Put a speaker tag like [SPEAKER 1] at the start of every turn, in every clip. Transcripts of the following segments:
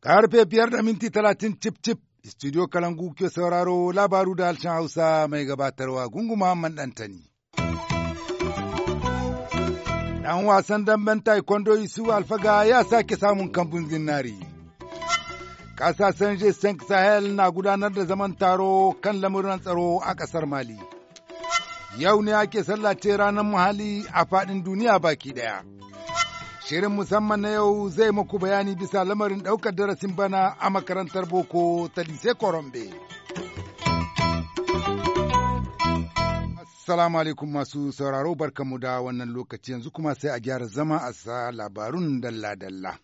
[SPEAKER 1] Karfe biyar da minti talatin cip cip studio Kalangu ke sauraro labaru da alshan Hausa mai gabatarwa Gungu muhammad dantani Ɗan wasan damben taekwondo Isu Alfaga ya sake samun kambun zinari. kasashen g Sahel na gudanar da zaman taro kan lamuran tsaro a ƙasar Mali. Yau ne ake sallace ranar muhalli a faɗin duniya baki ɗaya. Shirin musamman na yau zai muku bayani bisa lamarin ɗaukar darasin bana a makarantar boko ta Lise Korombe. Assalamu alaikum masu sauraro barkamu da wannan lokaci yanzu kuma sai a gyara zama a sa labarun dalla-dalla.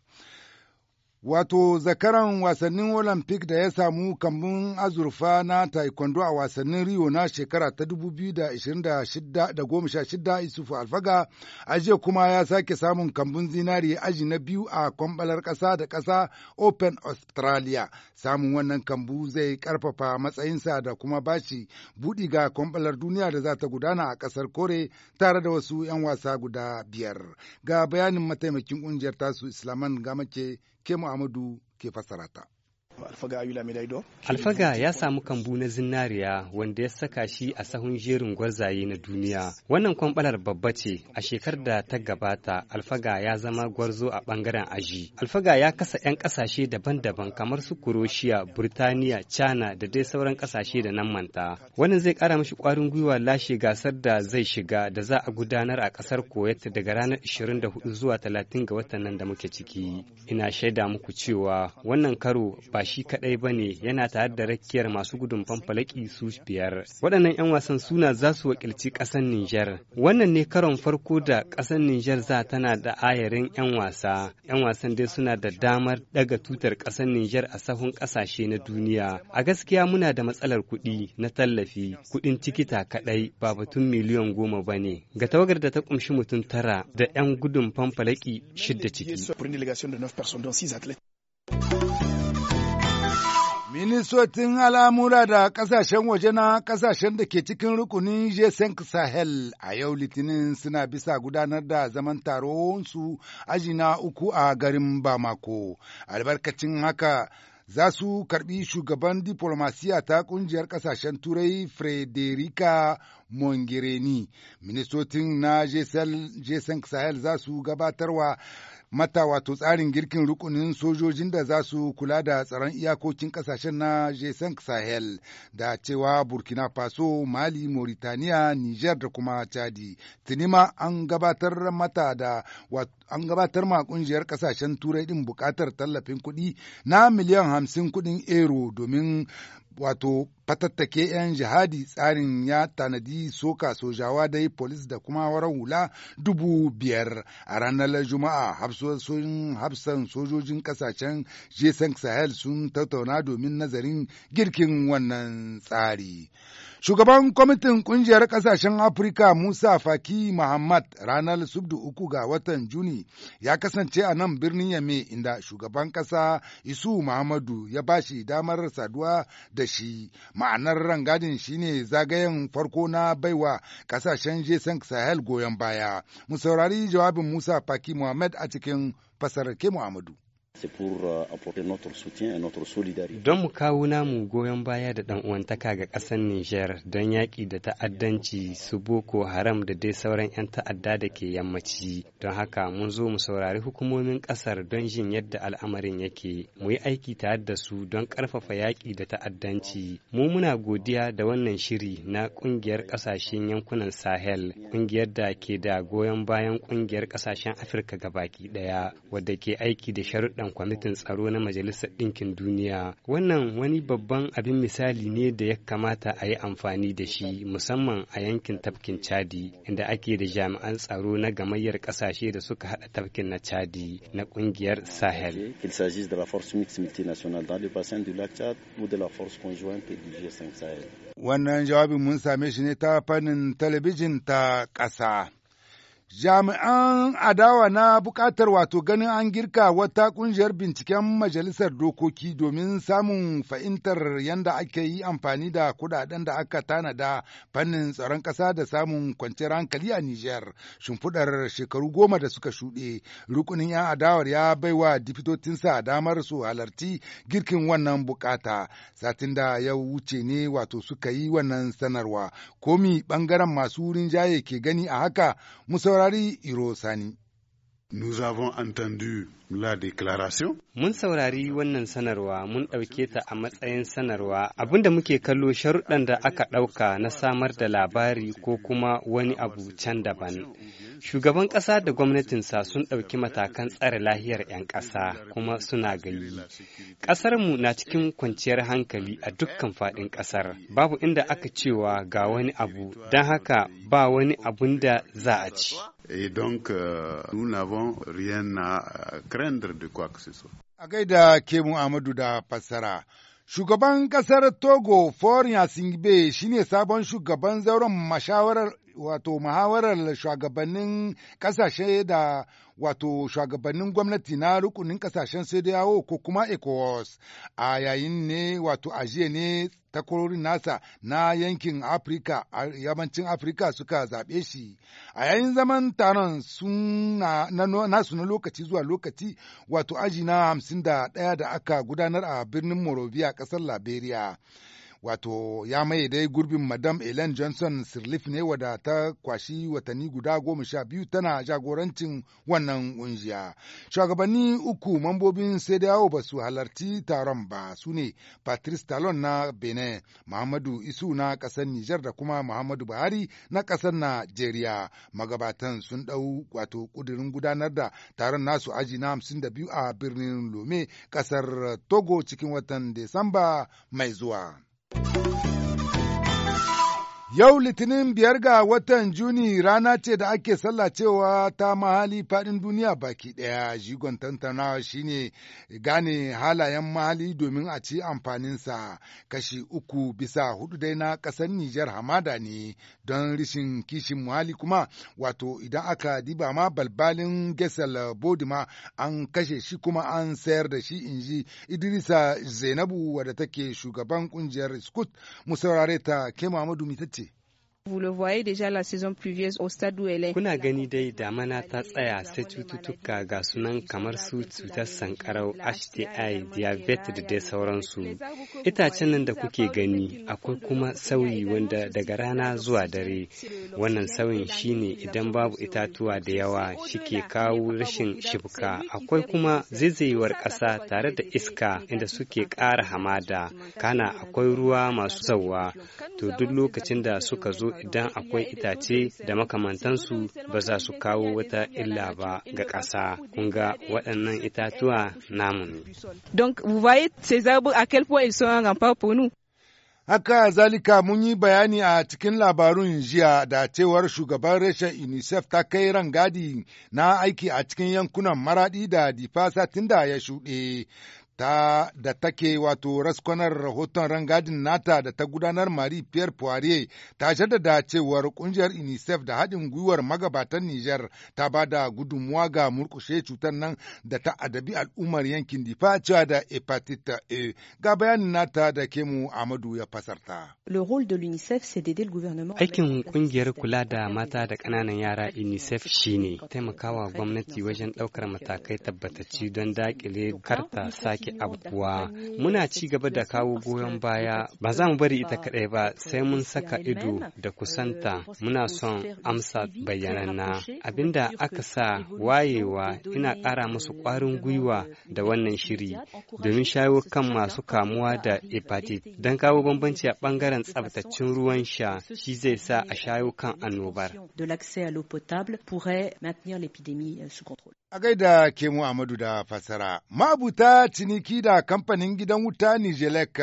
[SPEAKER 1] wato zakaran wasannin olympic da ya samu kambun azurfa na taekwondo a wasannin rio na shekara ta 2016 isufu alfaga ajiye kuma ya sake samun kambun zinari aji na biyu a kwambalar ƙasa da kasa open australia samun wannan kambu zai karfafa matsayinsa da kuma bashi buɗi ga kwambalar duniya da za ta gudana a ƙasar kore tare da wasu 'yan wasa guda biyar ga bayanin mataimakin ƙungiyar tasu islaman gamake Ke Muhammadu ke fassara ta. Alfaga
[SPEAKER 2] ya samu kambu na zinariya wanda ya saka shi a sahun jerin gwarzaye na duniya. Wannan kwambalar babba ce a shekar da ta gabata Alfaga ya zama gwarzo a bangaren aji. Alfaga ya kasa 'yan kasashe daban-daban kamar su Kuroshiya, Burtaniya, China da dai sauran kasashe da nan manta. Wannan zai kara mashi kwarin gwiwa lashe gasar da zai shiga da za a gudanar a kasar Kuwait daga ranar 24 zuwa 30 ga watan nan da muke ciki. Ina shaida muku cewa wannan karo ba shi kadai ba ne yana tare da rakiyar masu gudun fanfalaki su biyar. Waɗannan 'yan wasan suna za su wakilci ƙasar Nijar. Wannan ne karon farko da ƙasar Nijar za tana da ayarin 'yan wasa. 'Yan wasan dai suna da damar daga tutar ƙasar Nijar a sahun ƙasashe na duniya. A gaskiya muna da matsalar kuɗi na tallafi, kuɗin tikita kaɗai ba batun miliyan goma ba ne. Ga tawagar da ta ƙumshi mutum tara da 'yan gudun fanfalaki
[SPEAKER 1] shidda ciki. Ministocin al'amura da ƙasashen waje na ƙasashen da ke cikin rukunin g Sahel a yau Litinin suna bisa gudanar da zaman taronsu aji na uku a garin Bamako. Albarkacin haka za su karbi shugaban diplomasiya ta kungiyar ƙasashen turai frederica Mongereni, ministocin na g sahel za su gabatarwa mata wato tsarin girkin rukunin sojojin da za su kula da tsaron iyakokin kasashen na g Sahel da cewa Burkina Faso, Mali, Mauritania, Niger da kuma Chadi. Tinima an gabatar mata da an gabatar ma kungiyar kasashen turai din bukatar tallafin kuɗi na miliyan hamsin kuɗin ero domin wato fatattake 'yan jihadi tsarin ya tanadi soka sojawa dai polis da kuma warar hula dubu biyar a ranar juma'a hafsoshin hafsan sojojin kasashen jason sahel sun tattauna domin nazarin girkin wannan tsari shugaban kwamitin kungiyar kasashen afirka musa faki muhammad ranar subdu uku ga watan juni ya kasance a nan birnin yame inda shugaban kasa isu muhammadu ya bashi damar saduwa da shi ma'anar rangadin shine zagayen farko na baiwa kasashen jason sahel goyon baya mu saurari jawabin musa faki muhammad a cikin fasarar ke muhammadu Euh,
[SPEAKER 2] don mu kawo namu goyon baya da ɗan uwantaka ga ƙasar Nijar don yaƙi da ta'addanci su Boko Haram da dai sauran 'yan ta'adda da ke yammaci. Don haka mun zo mu saurari hukumomin ƙasar don jin yadda al'amarin yake. Mu yi aiki tare da su don ƙarfafa yaƙi da ta'addanci. Mu muna godiya da wannan shiri na ƙungiyar ƙasashen yankunan Sahel, ƙungiyar da ke da goyon bayan ƙungiyar ƙasashen Afirka gabaki ɗaya, wadda ke aiki da sharuɗan haɗin kwamitin tsaro na Majalisar Ɗinkin Duniya. Wannan wani babban abin misali ne da ya kamata a yi amfani da shi musamman a yankin tafkin Chadi inda ake da jami'an tsaro na gamayyar ƙasashe da suka haɗa tafkin na Chadi na ƙungiyar Sahel.
[SPEAKER 1] Wannan jawabin mun same shi ne ta fannin talabijin ta ƙasa. jami'an adawa na buƙatar wato ganin an girka wata ƙungiyar binciken majalisar dokoki domin samun fahimtar yadda ake yi amfani da kuɗaɗen da aka tanada fannin tsaron ƙasa da samun kwanciyar hankali a Nijar. Shimfiɗar shekaru goma da suka shuɗe, rukunin 'yan adawar ya baiwa difitotinsa damar su halarci girkin wannan buƙata. Satin da ya wuce ne wato suka yi wannan sanarwa. Komi ɓangaren masu rinjaye ke gani a haka, musa saurari Iro Sani. Nous avons
[SPEAKER 2] entendu la déclaration. Mun saurari wannan sanarwa mun ɗauke ta a matsayin sanarwa da muke kallo sharuɗan da aka ɗauka na samar da labari ko kuma wani abu can daban. Shugaban ƙasa da gwamnatinsa sun ɗauki matakan tsare lahiyar 'yan ƙasa kuma suna gayi. Ƙasarmu na cikin kwanciyar hankali a dukkan faɗin ƙasar. Babu inda aka cewa ga wani abu, don haka ba wani abun
[SPEAKER 1] da za a ci.
[SPEAKER 2] Et donc, euh, nous n'avons rien
[SPEAKER 1] à euh, craindre de quoi que ce soit. A gaida Kemu Amadu da fassara. Shugaban kasar Togo, Forin Singbe, shine sabon shugaban zauren mashawarar wato muhawarar shugabannin kasashe da wato shugabannin gwamnati na rukunin kasashen sai yawo ko kuma ecowas a yayin ne wato a jiya ne takwarorin nasa na yankin afirka yammacin afirka suka zaɓe shi a yayin zaman taron suna nasu na lokaci zuwa lokaci wato aji na hamsin da ɗaya da aka gudanar a birnin morovia ƙasar liberia wato ya maye dai gurbin madam Ellen Johnson Sirleaf ne wada ta kwashi watanni guda goma sha biyu tana jagorancin wannan kungiya Shugabanni uku mambobin sai da yawo ba su halarci taron ba su ne Patrice Talon na Benin, Muhammadu Isu na ƙasar Nijar da kuma Muhammadu Buhari na ƙasar Najeriya. Magabatan sun ɗau wato ƙudurin gudanar da taron nasu aji na hamsin da biyu a birnin Lome ƙasar Togo cikin watan Desamba mai zuwa. Música Yau Litinin biyar ga watan Juni rana ce da ake sallacewa ta mahali faɗin duniya baki ɗaya, jigon tantanawa shine gane halayen mahali domin a ci amfaninsa kashi uku bisa hudu dai na ƙasar Nijar hamada ne don rishin kishin mahali kuma wato idan aka diba ma balbalin Gesel Bodima an kashe shi kuma an sayar da shi inji Idrisa Zainabu wadda take shugaban ƙungiyar Skut musaurare ta ke Muhammadu Mitacce
[SPEAKER 2] Vous le voyez déjà la saison pluvieuse au stade où elle est. Kuna gani dai da mana ta tsaya sai cututtuka ga sunan kamar su cutar sankarau, HTI, diabetes da dai sauransu. Itacen nan da kuke gani akwai kuma sauyi wanda daga rana zuwa dare. Wannan sauyin shine idan babu itatuwa da yawa shike kawo rashin shibka. Akwai kuma zaizayewar ƙasa tare da iska inda suke ƙara hamada. Kana akwai ruwa masu sauwa. To duk lokacin da suka zo idan akwai itace da makamantansu ba za su kawo wata illa ba ga ƙasa kun ga waɗannan itatuwa namu ne.
[SPEAKER 1] Donc vous voyez ces arbres à quel point ils sont un Haka zalika mun yi bayani a cikin labarun jiya da cewar shugaban reshen UNICEF ta kai rangadi na aiki a cikin yankunan maraɗi da Difasa satin da ya shuɗe. ta da take wato raskwanar rahoton rangadin nata da ta gudanar Marie Pierre Poirier ta jaddada cewar kungiyar UNICEF da haɗin gwiwar magabatan niger ta ba da gudunmuwa ga murkushe cutar nan da ta adabi al'ummar yankin Difa cewa da epatita A ga bayanin nata da mu Amadu ya fasarta.
[SPEAKER 2] Aikin kungiyar kula da mata da ƙananan yara UNICEF shine taimakawa gwamnati wajen ɗaukar matakai tabbatacci don daƙile karta sake take muna ci gaba da kawo goyon baya ba za mu bari ita kaɗai ba sai mun saka ido da euh, kusanta muna son amsa bayyananna abinda aka sa wayewa ina ƙara musu ƙwarin gwiwa euh, da wannan shiri domin shayo kan masu kamuwa da hepatitis don kawo bambanci a ɓangaren tsabtaccen ruwan sha shi zai sa a shayo kan
[SPEAKER 1] annobar. Euh, a gaida Kemu Amadu da fasara, mabuta tuni ciniki da kamfanin gidan wuta Nijelek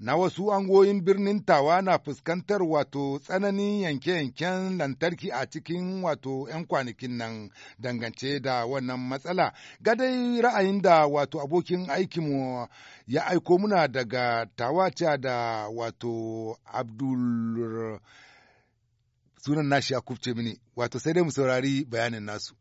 [SPEAKER 1] na wasu angoyin birnin Tawa na fuskantar wato tsananin yanke-yanken lantarki a cikin wato 'yan kwanakin nan dangance da wannan matsala. Gadai ra'ayin da wato abokin aikinmu ya aiko muna daga Tawaca da wato Abdul sunan nashi a kufce mini, wato sai dai mu saurari bayanin nasu.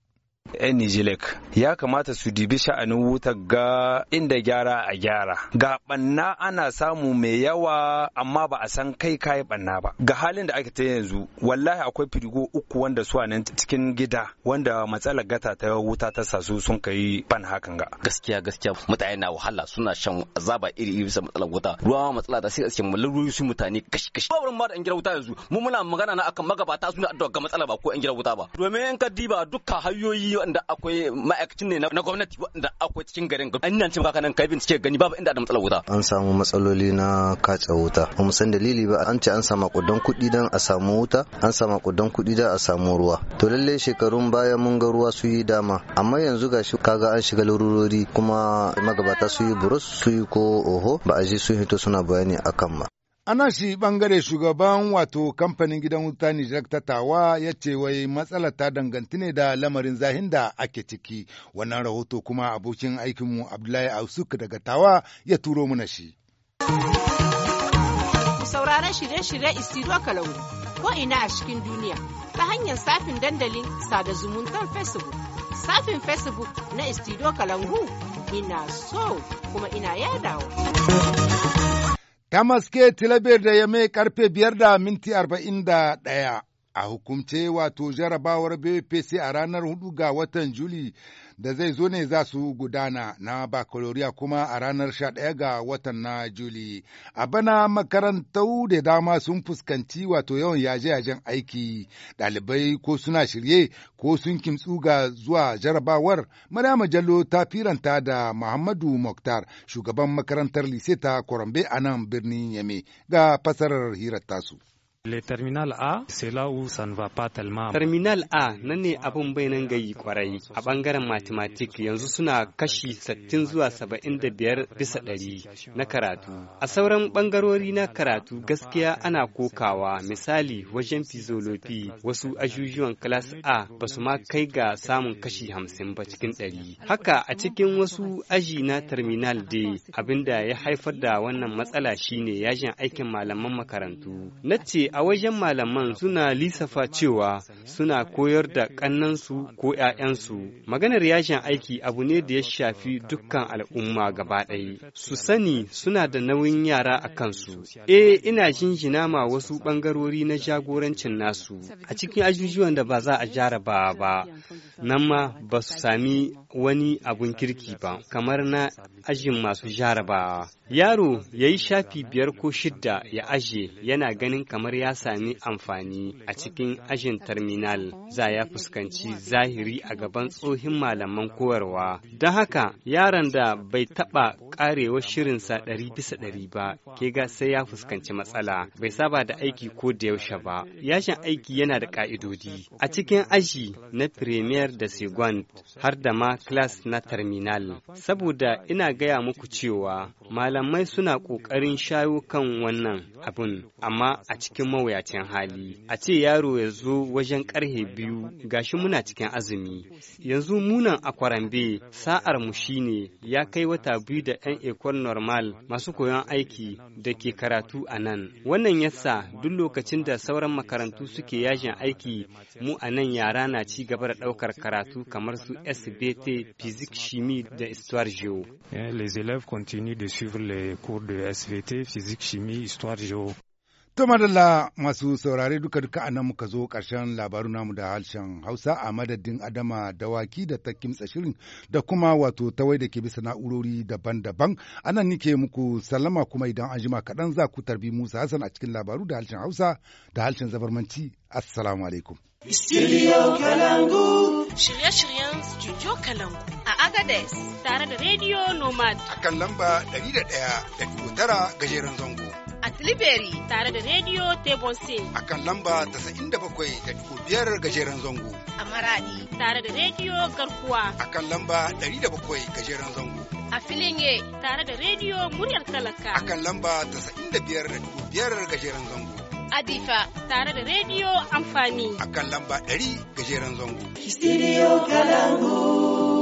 [SPEAKER 2] 'yan nijilek ya kamata su dibi sha'anin wuta ga inda gyara a gyara ga banna ana samu mai yawa amma ba a san kai kayi banna ba ga halin da ake ta yanzu wallahi akwai firigo uku wanda su nan cikin gida wanda matsalar gata ta wuta ta sasu sun kai ban hakan ga gaskiya gaskiya mutane na wahala suna shan azaba iri iri bisa matsalar wuta ruwa matsala ta sai cikin malaruyi su mutane kashi kashi ba wurin ma da gira wuta yanzu mu muna magana na akan magabata suna addu'a ga matsala ba ko an gira wuta ba domin in ka diba dukkan hanyoyi waɗanda akwai ma'aikacin ne na gwamnati waɗanda akwai cikin garin an nan cewa kanan kai bincike gani babu inda da matsalar wuta an samu matsaloli na kace wuta kuma san dalili ba an ce an samu kudin kuɗi dan a samu wuta an samu kudan kuɗi dan a samu ruwa to lalle shekarun baya mun ga ruwa su yi dama amma yanzu gashi kaga an shiga larurori kuma magabata su yi burus su yi ko oho ba a ji sun hito suna bayani akan ma
[SPEAKER 1] Ana shi ɓangare shugaban wato kamfanin gidan wuta Nijar ta tawa ya ce wai matsala ta danganti ne da lamarin zahin da ake ciki. Wannan rahoto kuma abokin aikinmu Abdullahi Ausuk daga tawa ya turo mana shi.
[SPEAKER 2] Sauraron shirye-shirye Isidro Kalangu ko ina a cikin duniya ta hanyar safin dandalin sada zumuntar Facebook. Safin Facebook na Isidro Kalangu ina so kuma ina yadawa.
[SPEAKER 1] maske Tilabir da ya mai karfe biyar da minti arba'in da ɗaya. a hukumce wato jarabawar BPC a ranar 4 ga watan Juli da zai zo ne za su gudana na bakaloriya kuma a ranar sha ɗaya ga watan na Juli. A bana makarantau da dama sun fuskanci wato yawan yaje-yajen aiki, ɗalibai ko suna shirye ko sun kimtsu ga zuwa jarabawar. Maryama Jallo ta firanta da Muhammadu Moktar, shugaban makarantar lise ta Kwarambe a nan birnin Yame ga fasarar hirar tasu. Le
[SPEAKER 2] terminal A, c'est là où ça ne va pas tellement. Terminal A nan ne abin bai nan gayi kwarai a bangaren mathematics yanzu suna kashi 60 zuwa 75 bisa ɗari na karatu. A sauran bangarori na karatu gaskiya ana kokawa misali wajen physiology wasu ajujuwan class A ba su ma kai ga samun kashi 50 ba cikin ɗari. Haka a cikin wasu aji na terminal D abinda ya haifar da wannan matsala shine yajin aikin malaman makarantu. Na ce a wajen malaman suna lissafa cewa suna koyar da ƙannansu ko 'ya'yansu. Maganar yashin aiki abu ne da ya shafi dukkan al'umma gaba ɗaya. Su sani suna da nauyin yara a kansu. E, ina jinjina ma wasu ɓangarori na jagorancin nasu a cikin ajujuwan da ba za a jaraba ba. Nan ma ba su sami wani abun kirki ba, kamar na ajin masu jarabawa. Yaro ya yi shafi biyar ko shidda ya aje yana ganin kamar ya sami amfani a cikin ajin terminal za ya fuskanci zahiri a gaban tsohin malaman koyarwa. Don haka yaron da bai taɓa ƙarewa shirinsa ɗari bisa ɗari ba, ke ga sai ya fuskanci matsala, bai saba da aiki ko da yaushe ba. Yashin aiki yana da ƙa'idodi. A cikin aji na Premier da Segond har da ma class na terminal. Saboda ina gaya muku cewa malamai suna ƙoƙarin shayo kan wannan abun, amma a cikin mawuyacin hali a ce yaro ya zo wajen karhe biyu ga shi muna cikin azumi yanzu munan akwarambe sa'ar mu shine ya kai wata biyu da yan ekon normal masu koyon aiki da ke karatu a nan wannan yasa duk lokacin da sauran makarantu suke yajin aiki mu a nan yara na ci gaba da ɗaukar karatu kamar su sbt physics chimie da histoire géo eh, les élèves continuent de suivre les cours de SVT,
[SPEAKER 1] physique, chimie, histoire, géo. To madalla masu saurare duka duka a nan muka zo ƙarshen labaru namu da harshen Hausa a madadin Adama dawaki da ta kimtsa shirin da kuma wato tawai da ke bisa na'urori daban-daban. A nan nike muku salama kuma idan an jima kaɗan za ku tarbi Musa Hassan a cikin labaru da harshen Hausa da harshen zabarmanci. Assalamu alaikum. Studio Kalangu. Shirye-shiryen Studio Kalangu. A Agadez tare da Radio Nomad. A kan lamba 100.9 gajeren zango.
[SPEAKER 2] Tilibiri tare da Radio Table
[SPEAKER 1] A kan lamba 97.5 gajeren zango.
[SPEAKER 2] A Maradi tare da Radio Garkuwa.
[SPEAKER 1] A kan lamba 107 gajeren zango.
[SPEAKER 2] A Filinge tare da Radio Muryar Talaka. A kan
[SPEAKER 1] lamba 95.5 gajeren zango.
[SPEAKER 2] Adifa tare da Radio Amfani. A
[SPEAKER 1] kan lamba 100 gajeren zango. Studio
[SPEAKER 2] Kalangu.